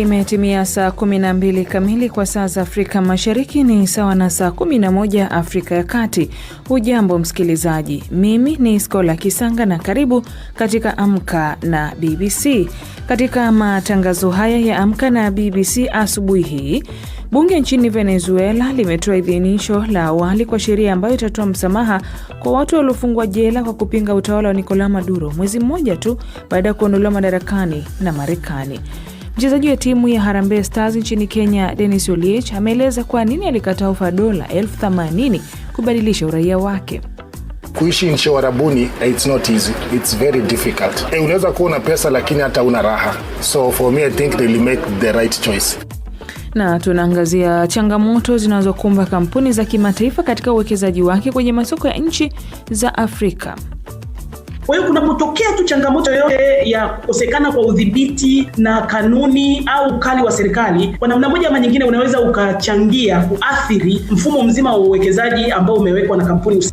Imetimia saa 12 kamili kwa saa za Afrika Mashariki, ni sawa na saa 11 Afrika ya Kati. Hujambo msikilizaji, mimi ni Skola Kisanga na karibu katika Amka na BBC. Katika matangazo haya ya Amka na BBC asubuhi hii, bunge nchini Venezuela limetoa idhinisho la awali kwa sheria ambayo itatoa msamaha kwa watu waliofungwa jela kwa kupinga utawala wa Nicolas Maduro, mwezi mmoja tu baada ya kuondolewa madarakani na Marekani. Mchezaji wa timu ya Harambee Stars nchini Kenya, Dennis Oliech ameeleza kwa nini alikataa ofa dola elfu themanini kubadilisha uraia wake. Kuishi nchi warabuni eh, it's not easy, it's very difficult. Hey, eh, unaweza kuwa na pesa lakini hata una raha, so for me I think they make the right choice. Na tunaangazia changamoto zinazokumba kampuni za kimataifa katika uwekezaji wake kwenye masoko ya nchi za Afrika. Kwa hiyo kunapotokea tu changamoto yoyote ya kukosekana kwa udhibiti na kanuni au ukali wa serikali, kwa namna moja ama nyingine, unaweza ukachangia kuathiri mfumo mzima wa uwekezaji ambao umewekwa na kampuni.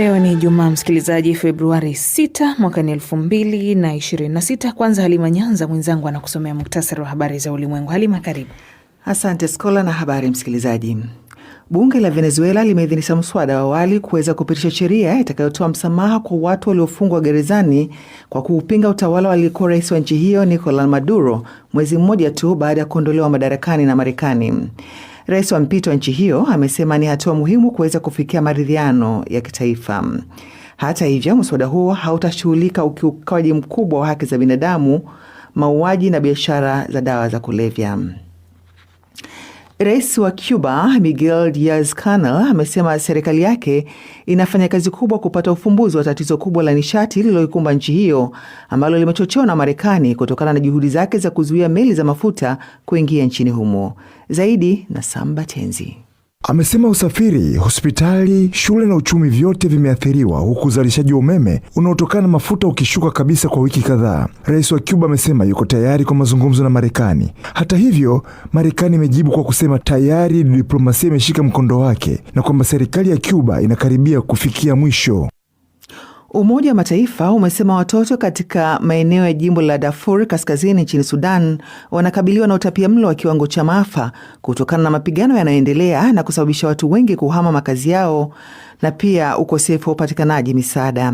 Leo ni Jumaa, msikilizaji, Februari 6 mwaka ni 2026. Kwanza Halima Nyanza mwenzangu anakusomea muktasari wa habari za ulimwengu. Halima, karibu. Asante Skola na habari msikilizaji. Bunge la Venezuela limeidhinisha mswada wa awali kuweza kupitisha sheria itakayotoa msamaha kwa watu waliofungwa gerezani kwa kuupinga utawala wa aliyekuwa rais wa nchi hiyo Nicolas Maduro, mwezi mmoja tu baada ya kuondolewa madarakani na Marekani. Rais wa mpito wa nchi hiyo amesema ni hatua muhimu kuweza kufikia maridhiano ya kitaifa. Hata hivyo, mswada huo hautashughulika ukiukaji mkubwa wa haki za binadamu, mauaji na biashara za dawa za kulevya. Rais wa Cuba Miguel Diaz-Canel amesema serikali yake inafanya kazi kubwa kupata ufumbuzi wa tatizo kubwa la nishati lililoikumba nchi hiyo ambalo limechochewa na Marekani kutokana na juhudi zake za kuzuia meli za mafuta kuingia nchini humo. Zaidi na Samba Tenzi. Amesema usafiri, hospitali, shule na uchumi vyote vimeathiriwa huku uzalishaji wa umeme unaotokana na mafuta ukishuka kabisa kwa wiki kadhaa. Rais wa Cuba amesema yuko tayari kwa mazungumzo na Marekani. Hata hivyo, Marekani imejibu kwa kusema tayari diplomasia imeshika mkondo wake na kwamba serikali ya Cuba inakaribia kufikia mwisho. Umoja wa Mataifa umesema watoto katika maeneo ya jimbo la Darfur kaskazini nchini Sudan wanakabiliwa na utapia mlo wa kiwango cha maafa kutokana na mapigano yanayoendelea na kusababisha watu wengi kuhama makazi yao na pia ukosefu wa upatikanaji misaada.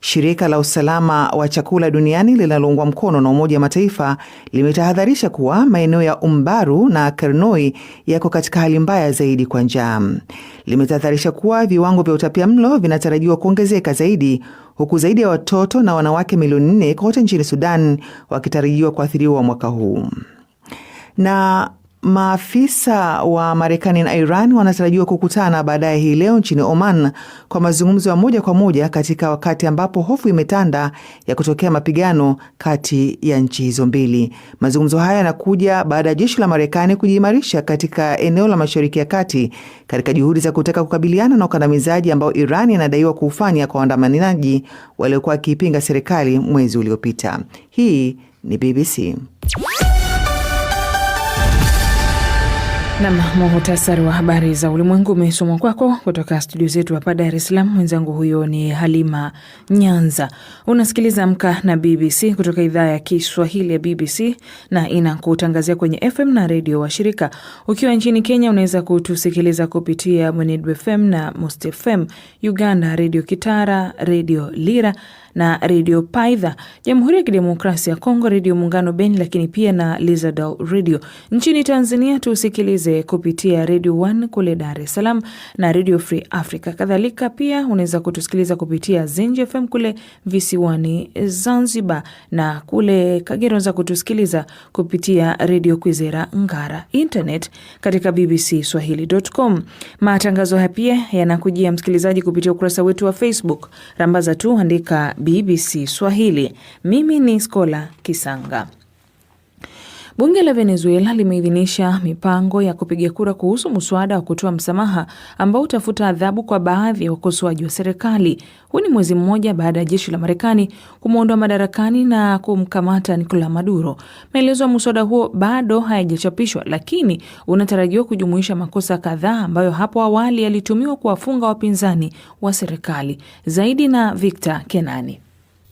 Shirika la usalama wa chakula duniani linaloungwa mkono na Umoja wa Mataifa limetahadharisha kuwa maeneo ya Umbaru na Kernoi yako katika hali mbaya zaidi kwa njaa. Limetahadharisha kuwa viwango vya utapia mlo vinatarajiwa kuongezeka zaidi huku zaidi ya watoto na wanawake milioni nne kote nchini Sudan wakitarajiwa kuathiriwa mwaka huu na Maafisa wa Marekani na Iran wanatarajiwa kukutana baadaye hii leo nchini Oman kwa mazungumzo ya moja kwa moja katika wakati ambapo hofu imetanda ya kutokea mapigano kati ya nchi hizo mbili. Mazungumzo haya yanakuja baada ya jeshi la Marekani kujiimarisha katika eneo la Mashariki ya Kati katika juhudi za kutaka kukabiliana na ukandamizaji ambao Iran inadaiwa kuufanya kwa waandamanaji waliokuwa wakiipinga serikali mwezi uliopita. Hii ni BBC. Nam, muhtasari wa habari za ulimwengu umesomwa kwako kutoka studio zetu hapa Dar es Salaam. Mwenzangu huyo ni Halima Nyanza. Unasikiliza Amka na BBC kutoka idhaa ya Kiswahili ya BBC na inakutangazia kwenye FM na redio wa shirika. Ukiwa nchini Kenya unaweza kutusikiliza kupitia Mwenedu FM na Must FM, Uganda redio Kitara, redio Lira na Radio Paidha Jamhuri ya Kidemokrasia ya Kongo, Radio Muungano Beni, lakini pia na Lizardal Radio. Nchini Tanzania tusikilize kupitia Radio One kule Dar es Salaam na Radio Free Africa. Kadhalika pia unaweza kutusikiliza kupitia Zenji FM kule visiwani Zanzibar, na kule Kagera unaweza kutusikiliza kupitia Radio Kwizera Ngara. Internet katika BBC Swahili.com. Matangazo haya pia yanakujia msikilizaji kupitia ukurasa wetu wa Facebook, rambaza tu andika BBC Swahili. Mimi ni Skola Kisanga. Bunge la Venezuela limeidhinisha mipango ya kupiga kura kuhusu mswada wa kutoa msamaha ambao utafuta adhabu kwa baadhi ya wakosoaji wa serikali. Huu ni mwezi mmoja baada ya jeshi la Marekani kumwondoa madarakani na kumkamata Nicolas Maduro. Maelezo ya mswada huo bado hayajachapishwa, lakini unatarajiwa kujumuisha makosa kadhaa ambayo hapo awali yalitumiwa kuwafunga wapinzani wa serikali. Zaidi na Victor Kenani.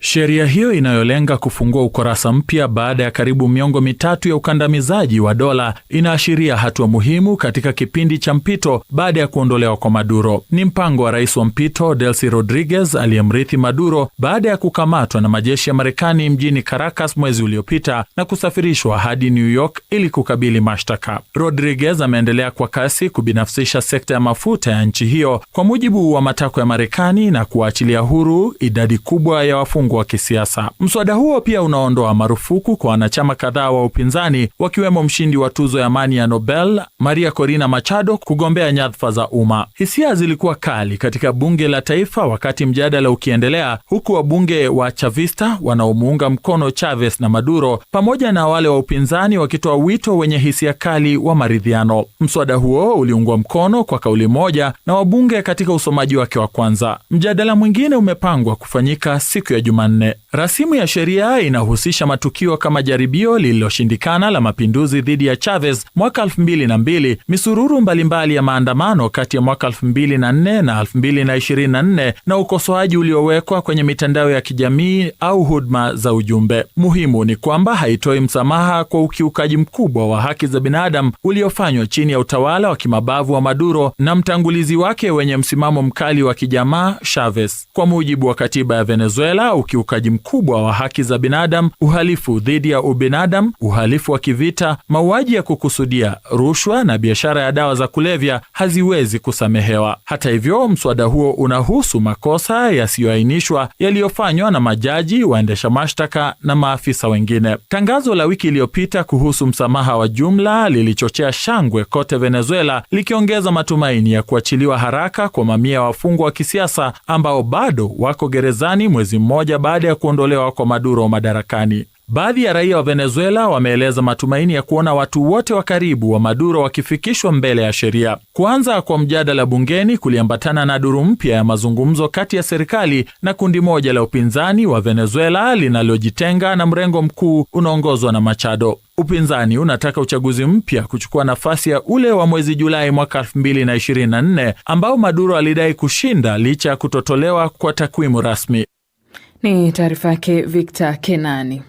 Sheria hiyo inayolenga kufungua ukurasa mpya baada ya karibu miongo mitatu ya ukandamizaji wa dola inaashiria hatua muhimu katika kipindi cha mpito baada ya kuondolewa kwa Maduro. Ni mpango wa rais wa mpito Delcy Rodriguez aliyemrithi Maduro baada ya kukamatwa na majeshi ya Marekani mjini Caracas mwezi uliopita na kusafirishwa hadi New York ili kukabili mashtaka. Rodriguez ameendelea kwa kasi kubinafsisha sekta ya mafuta ya nchi hiyo kwa mujibu wa matakwa ya Marekani na kuwaachilia huru idadi kubwa ya wafungwa mrengo wa kisiasa. Mswada huo pia unaondoa marufuku kwa wanachama kadhaa wa upinzani, wakiwemo mshindi wa tuzo ya amani ya Nobel Maria Corina Machado kugombea nyadhifa za umma. Hisia zilikuwa kali katika bunge la taifa wakati mjadala ukiendelea, huku wabunge wa Chavista wanaomuunga mkono Chavez na Maduro pamoja na wale wa upinzani wakitoa wito wenye hisia kali wa maridhiano. Mswada huo uliungwa mkono kwa kauli moja na wabunge katika usomaji wake wa kwanza. Mjadala mwingine umepangwa kufanyika siku ya Jumatatu. Jumanne. Rasimu ya sheria inahusisha matukio kama jaribio lililoshindikana la mapinduzi dhidi ya Chavez mwaka 2002, misururu mbalimbali mbali ya maandamano kati ya mwaka 2004 na 2024, na ukosoaji uliowekwa kwenye mitandao ya kijamii au huduma za ujumbe. Muhimu ni kwamba haitoi msamaha kwa ukiukaji mkubwa wa haki za binadamu uliofanywa chini ya utawala wa kimabavu wa Maduro na mtangulizi wake wenye msimamo mkali wa kijamaa Chavez. Kwa mujibu wa katiba ya Venezuela, ukiukaji mkubwa wa haki za binadamu, uhalifu dhidi ya ubinadamu, uhalifu wa kivita, mauaji ya kukusudia, rushwa na biashara ya dawa za kulevya haziwezi kusamehewa. Hata hivyo, mswada huo unahusu makosa yasiyoainishwa yaliyofanywa na majaji, waendesha mashtaka na maafisa wengine. Tangazo la wiki iliyopita kuhusu msamaha wa jumla lilichochea shangwe kote Venezuela, likiongeza matumaini ya kuachiliwa haraka kwa mamia ya wafungwa wa kisiasa ambao bado wako gerezani mwezi mmoja baada ya kuondolewa kwa Maduro madarakani. Baadhi ya raia wa Venezuela wameeleza matumaini ya kuona watu wote wa karibu wa Maduro wakifikishwa mbele ya sheria. Kuanza kwa mjadala bungeni kuliambatana na duru mpya ya mazungumzo kati ya serikali na kundi moja la upinzani wa Venezuela linalojitenga na mrengo mkuu unaongozwa na Machado. Upinzani unataka uchaguzi mpya kuchukua nafasi ya ule wa mwezi Julai mwaka 2024 ambao Maduro alidai kushinda licha ya kutotolewa kwa takwimu rasmi. Ni taarifa yake Victor Kenani.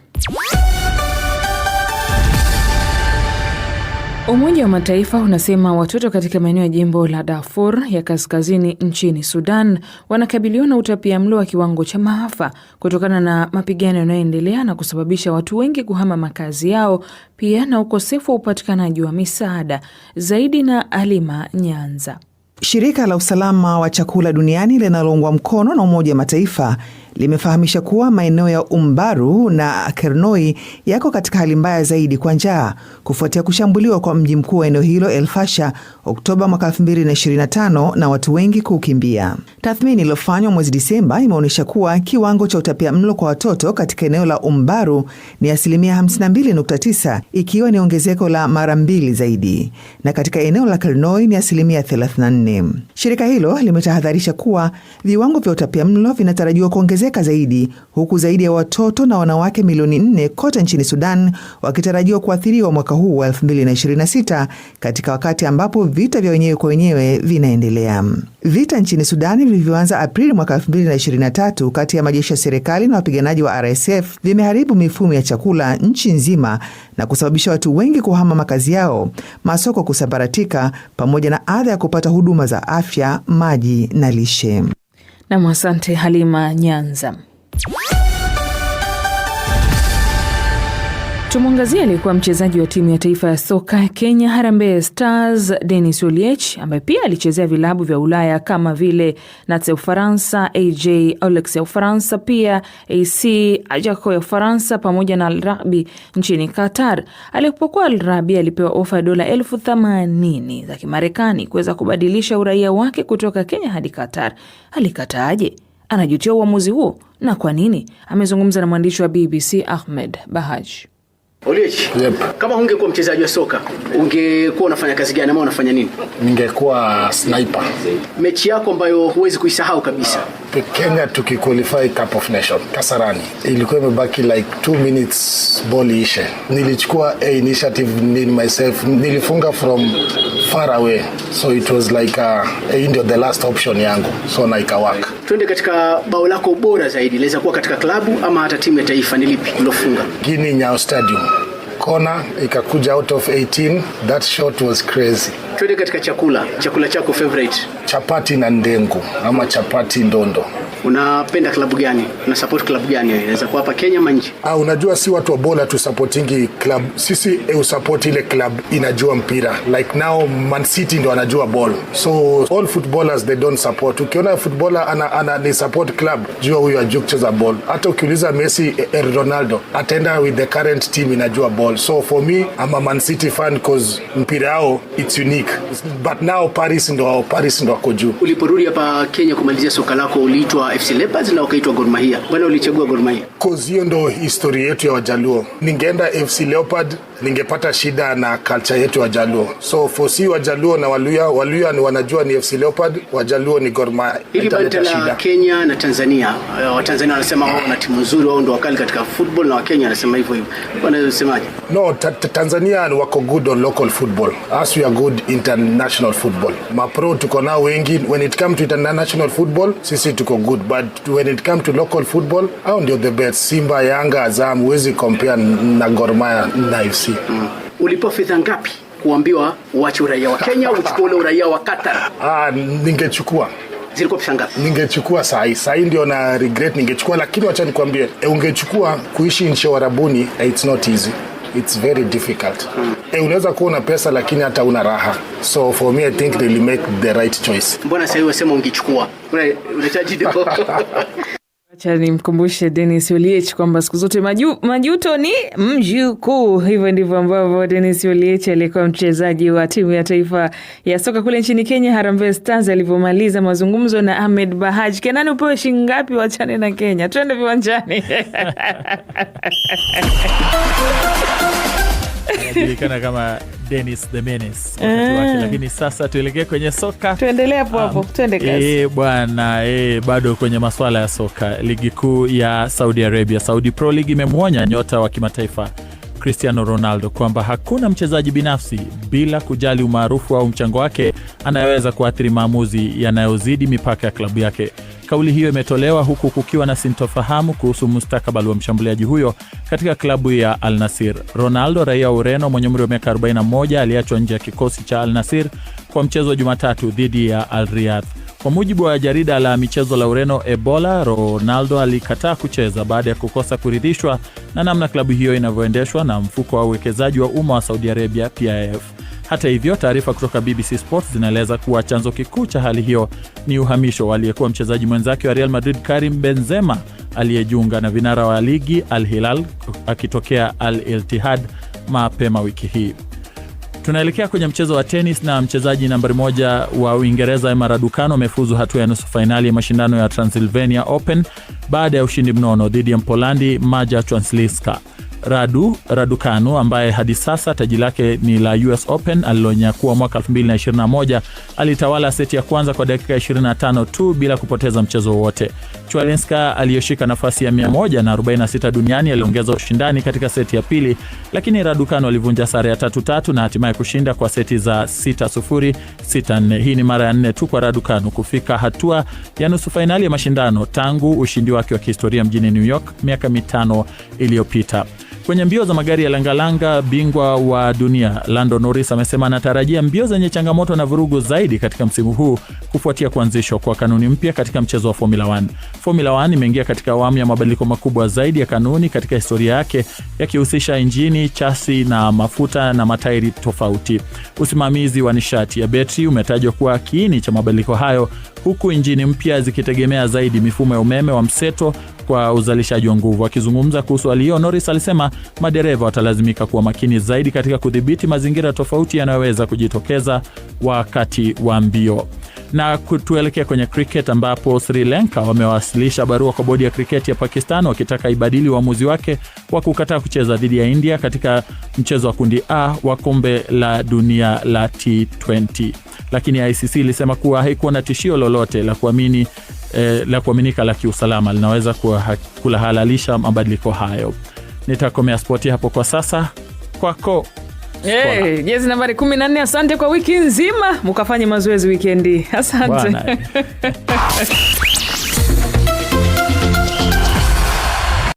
Umoja wa Mataifa unasema watoto katika maeneo ya jimbo la Darfur ya kaskazini nchini Sudan wanakabiliwa na utapia mlo wa kiwango cha maafa kutokana na mapigano yanayoendelea na kusababisha watu wengi kuhama makazi yao, pia na ukosefu wa upatikanaji wa misaada zaidi. Na Alima Nyanza. Shirika la usalama wa chakula duniani linaloungwa mkono na Umoja wa Mataifa limefahamisha kuwa maeneo ya Umbaru na Kernoi yako katika hali mbaya zaidi kwa njaa kufuatia kushambuliwa kwa mji mkuu wa eneo hilo El Fasher Oktoba mwaka 2025 na watu wengi kukimbia. Tathmini iliyofanywa mwezi Disemba imeonyesha kuwa kiwango cha utapia mlo kwa watoto katika eneo la Umbaru ni asilimia 52.9 ikiwa ni ongezeko la mara mbili zaidi, na katika eneo la Kernoi ni asilimia 34. Shirika hilo limetahadharisha kuwa viwango vya utapia mlo vinatarajiwa kuongezeka kuongezeka zaidi huku zaidi ya watoto na wanawake milioni nne kote nchini Sudan wakitarajiwa kuathiriwa mwaka huu wa 2026 katika wakati ambapo vita vya wenyewe kwa wenyewe vinaendelea. Vita nchini Sudani vilivyoanza Aprili mwaka 2023 kati ya majeshi ya serikali na wapiganaji wa RSF vimeharibu mifumo ya chakula nchi nzima na kusababisha watu wengi kuhama makazi yao, masoko kusambaratika, pamoja na adha ya kupata huduma za afya, maji na lishe. Nam, asante Halima Nyanza. Tumwangazia aliyekuwa mchezaji wa timu ya taifa ya soka ya Kenya Harambee Stars denis Oliech ambaye pia alichezea vilabu vya Ulaya kama vile Nats ya Ufaransa, AJ Olex ya Ufaransa, pia AC Ajaco ya Ufaransa pamoja na alrabi nchini Qatar. Alipokuwa Al Rabi alipewa ofa ya dola elfu themanini za Kimarekani kuweza kubadilisha uraia wake kutoka Kenya hadi Qatar. Alikataaje? Anajutia uamuzi huo na kwa nini? Amezungumza na mwandishi wa BBC Ahmed Bahaj. Oliech, yep. Kama ungekuwa mchezaji wa soka ungekuwa unafanya kazi gani ama unafanya nini? Ningekuwa sniper. Mechi yako ambayo huwezi kuisahau kabisa? Kenya tukiqualify Cup of Nation Kasarani, ilikuwa imebaki like 2 minutes ball ishe, nilichukua a initiative in myself, nilifunga from far away so it was like a, uh, a the last option yangu so naikawaka twende katika bao lako bora zaidi, laweza kuwa katika klabu ama hata timu ya taifa, ni lipi ulofunga Gini Nyao Stadium kona ikakuja out of 18. That shot was crazy. Twende katika chakula, chakula chako favorite? Chapati na ndengu ama chapati ndondo Unapenda klabu gani? Una support klabu gani? Inaweza kuwa hapa Kenya ama Ah, unajua si watu wa bola tu supportingi club. Sisi eu eh, support ile club inajua mpira. Like now Man City ndio anajua ball. So all footballers they don't support. Ukiona footballer ana, ana ni support club, jua huyo ajua kucheza ball. Hata ukiuliza Messi eh, eh, Ronaldo ataenda with the current team inajua ball. So for me I'm a Man City fan cause mpira yao it's unique. But now Paris ndio Paris ndio wako juu. Uliporudi hapa Kenya kumalizia soka lako uliitwa FC Leopards na ukaitwa Gor Mahia. Bwana, ulichagua Gor Mahia? Cause hiyo ndo historia yetu ya Wajaluo. Ningeenda FC Leopard ningepata shida na culture yetu ya Wajaluo. So for si Wajaluo na Waluya, Waluya ni wanajua ni FC Leopard, Wajaluo ni Gor Mahia. Hili bante la Kenya na Tanzania, uh, Watanzania wanasema wao oh, na timu nzuri, wao ndo wakali katika football na Wakenya wanasema hivyo hivyo. Bwana unasemaje? No, ta -ta Tanzania wako good on local football. As we are good international football. Mapro tuko nao wengi, when it come to international football sisi tuko good but when it come to local football au ndio the best Simba, Yanga, Azam huwezi compare na Gor Mahia na FC. Mm. Ulipofidha ngapi kuambiwa uache uraia wa Kenya uchukue ule uraia wa Qatar? Ah, ningechukua zilikuwa pesa ngapi? Ningechukua saa hii, saa ndio na regret ningechukua, lakini wacha nikwambie, e, ungechukua kuishi nchi ya Warabuni, it's not easy it's very difficult mm. E, unaweza kuwa una pesa lakini hata una raha, so for me I think they make the right choice. Mbona sasa hiyo sema ungechukua? unahitaji depo cha nimkumbushe Denis Oliech kwamba siku zote maju, majuto ni mjukuu. Hivyo ndivyo ambavyo Denis olich aliyekuwa mchezaji wa timu ya taifa ya soka kule nchini Kenya, Harambee Stars, alivyomaliza mazungumzo na Ahmed Bahaj. Kenani, upewe shilingi ngapi wachane na Kenya? Twende viwanjani anajulikana kama Dennis the Menace wakati ah. wake, lakini sasa tuelekee kwenye soka, tuendelee hapo hapo, um, ah, tuende eh, kazi e, bwana e, bado kwenye masuala ya soka, ligi kuu ya Saudi Arabia, Saudi Pro League imemwonya nyota wa kimataifa Cristiano Ronaldo kwamba hakuna mchezaji binafsi bila kujali umaarufu au mchango wake anayeweza kuathiri maamuzi yanayozidi mipaka ya klabu yake. Kauli hiyo imetolewa huku kukiwa na sintofahamu kuhusu mustakabali wa mshambuliaji huyo katika klabu ya Al Nasir. Ronaldo, raia wa Ureno mwenye umri wa miaka 41, aliachwa nje ya kikosi cha Al Nasir kwa mchezo wa Jumatatu dhidi ya Al Riyadh. Kwa mujibu wa jarida la michezo la Ureno Ebola, Ronaldo alikataa kucheza baada ya kukosa kuridhishwa na namna klabu hiyo inavyoendeshwa na mfuko wa uwekezaji wa umma wa Saudi Arabia PIF. Hata hivyo, taarifa kutoka BBC Sports zinaeleza kuwa chanzo kikuu cha hali hiyo ni uhamisho wa aliyekuwa mchezaji mwenzake wa Real Madrid Karim Benzema aliyejiunga na vinara wa ligi Al Hilal akitokea Al Ittihad mapema wiki hii. Tunaelekea kwenye mchezo wa tenis na mchezaji nambari moja wa Uingereza Emma Raducanu amefuzu hatua ya nusu fainali ya mashindano ya Transylvania Open baada ya ushindi mnono dhidi ya Mpolandi Maja Swiatek. Radu Radukanu ambaye hadi sasa taji lake ni la US Open alilonyakua mwaka 2021 alitawala seti ya kwanza kwa dakika 25 tu bila kupoteza mchezo wowote. Chwalinska aliyoshika nafasi ya 146 duniani aliongeza ushindani katika seti ya pili, lakini Raducanu alivunja sare ya tatu tatu na hatimaye kushinda kwa seti za 6-0, 6-4. Hii ni mara ya nne tu kwa Raducanu kufika hatua ya nusu fainali ya mashindano tangu ushindi wake wa kihistoria mjini New York miaka mitano iliyopita. Kwenye mbio za magari ya langalanga, bingwa wa dunia Lando Norris amesema anatarajia mbio zenye changamoto na vurugu zaidi katika msimu huu kufuatia kuanzishwa kwa kanuni mpya katika mchezo wa Formula 1. Formula 1 imeingia katika awamu ya mabadiliko makubwa zaidi ya kanuni katika historia yake, yakihusisha injini, chasi na mafuta na matairi tofauti. Usimamizi wa nishati ya betri umetajwa kuwa kiini cha mabadiliko hayo, huku injini mpya zikitegemea zaidi mifumo ya umeme wa mseto kwa uzalishaji wa nguvu. Akizungumza kuhusu hali hiyo, Norris alisema madereva watalazimika kuwa makini zaidi katika kudhibiti mazingira tofauti yanayoweza kujitokeza wakati wa mbio. Na tuelekee kwenye cricket ambapo Sri Lanka wamewasilisha barua kwa bodi ya cricket ya Pakistan wakitaka ibadili uamuzi wa wake wa kukataa kucheza dhidi ya India katika mchezo wa kundi A wa kombe la dunia la T20, lakini ICC ilisema kuwa haikuwa na tishio lolote la kuamini eh, la kuaminika la kiusalama linaweza kulahalalisha mabadiliko hayo. Nitakomea spoti hapo kwa sasa, kwako Hey, jezi nambari nne. Asante kwa wiki nzima, mukafanye mazoezi wikendi. Asante.